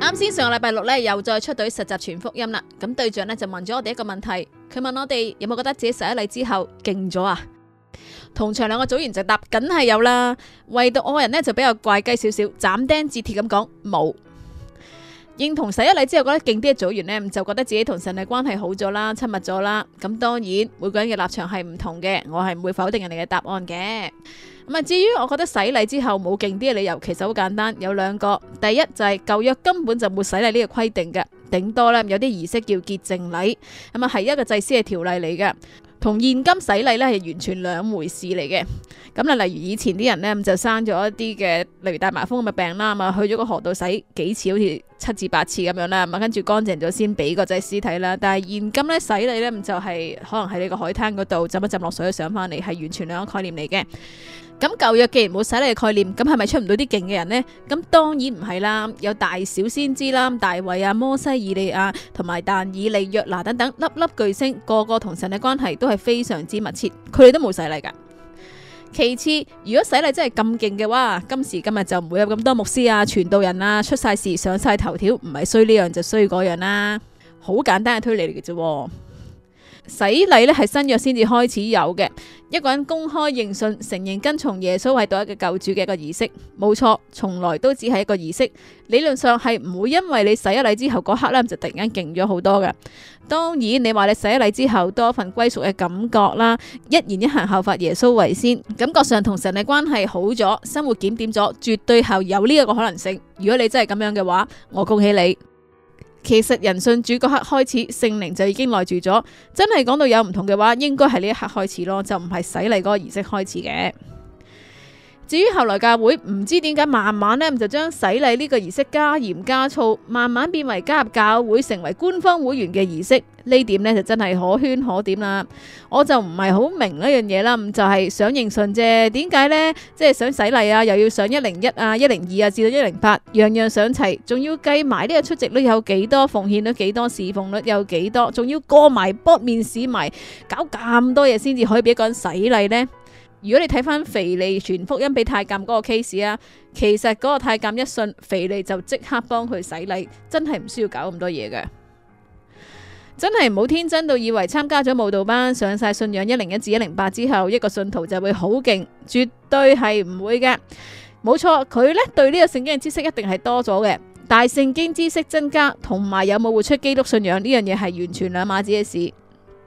啱先上個禮拜六咧，又再出隊實習全福音啦。咁隊長咧就問咗我哋一個問題，佢問我哋有冇覺得自己洗咗禮之後勁咗啊？同場兩個組員就答，梗係有啦。唯獨我個人咧就比較怪雞少少，斬釘截鐵咁講冇。認同洗禮之後覺得勁啲嘅組員呢，就覺得自己同神嘅關係好咗啦，親密咗啦。咁當然每個人嘅立場係唔同嘅，我係唔會否定人哋嘅答案嘅。咁啊，至於我覺得洗禮之後冇勁啲嘅理由，其實好簡單，有兩個。第一就係舊約根本就冇洗禮呢個規定嘅，頂多呢有啲儀式叫潔淨禮，咁啊係一個祭司嘅條例嚟嘅，同現今洗禮呢，係完全兩回事嚟嘅。咁咧，例如以前啲人呢，就生咗一啲嘅，例如大麻風咁嘅病啦，咁去咗個河度洗幾次，好似。七至八次咁樣啦，咁跟住乾淨咗先俾個仔屍體啦。但係現今咧洗禮咧，就係可能喺你個海灘嗰度浸一浸落水上，上翻嚟係完全兩個概念嚟嘅。咁舊約既然冇洗禮嘅概念，咁係咪出唔到啲勁嘅人呢？咁當然唔係啦，有大小先知啦，大衛啊、摩西、以利亞同埋但以利、約拿等等，粒粒巨星，個個同神嘅關係都係非常之密切，佢哋都冇洗禮噶。其次，如果洗禮真係咁勁嘅話，今時今日就唔會有咁多牧師啊、傳道人啊出晒事、上晒頭條，唔係衰呢樣就衰嗰樣啦。好簡單嘅推理嚟嘅啫。洗禮咧係新約先至開始有嘅，一個人公開認信、承認跟從耶穌為獨一嘅救主嘅一個儀式，冇錯，從來都只係一個儀式，理論上係唔會因為你洗咗禮之後嗰刻咧就突然間勁咗好多嘅。當然你話你洗咗禮之後多一份歸屬嘅感覺啦，一言一行效法耶穌為先，感覺上同神嘅關係好咗，生活檢點咗，絕對係有呢一個可能性。如果你真係咁樣嘅話，我恭喜你。其實人信主嗰刻開始，聖靈就已經內住咗。真係講到有唔同嘅話，應該係呢一刻開始咯，就唔係洗禮嗰個儀式開始嘅。至於後來教會唔知點解慢慢咧，就將洗禮呢個儀式加鹽加醋，慢慢變為加入教會成為官方會員嘅儀式，呢點咧就真係可圈可點啦。我就唔係好明呢樣嘢啦，就係想認信啫。點解咧，即係想洗禮啊，又要上一零一啊、一零二啊，至到一零八，樣樣上齊，仲要計埋呢個出席率有幾多、奉獻率幾多、侍奉率有幾多，仲要過埋、卜面試埋，搞咁多嘢先至可以俾一個人洗禮咧。如果你睇翻腓利傳福音俾太監嗰個 case 啊，其實嗰個太監一信腓利就即刻幫佢洗禮，真係唔需要搞咁多嘢嘅。真係唔好天真到以為參加咗舞蹈班、上晒信仰一零一至一零八之後，一個信徒就會好勁，絕對係唔會嘅。冇錯，佢呢對呢個聖經嘅知識一定係多咗嘅，但係聖經知識增加同埋有冇活出基督信仰呢樣嘢係完全兩碼子嘅事。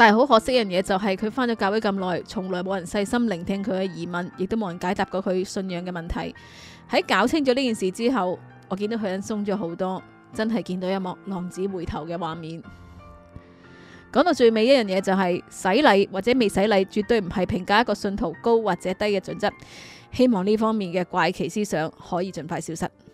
但係好可惜，一樣嘢就係佢返咗教會咁耐，從來冇人細心聆聽佢嘅疑問，亦都冇人解答過佢信仰嘅問題。喺搞清咗呢件事之後，我見到佢人鬆咗好多，真係見到一幕浪子回頭嘅畫面。講到最尾一樣嘢就係洗禮或者未洗禮，絕對唔係評價一個信徒高或者低嘅準則。希望呢方面嘅怪奇思想可以儘快消失。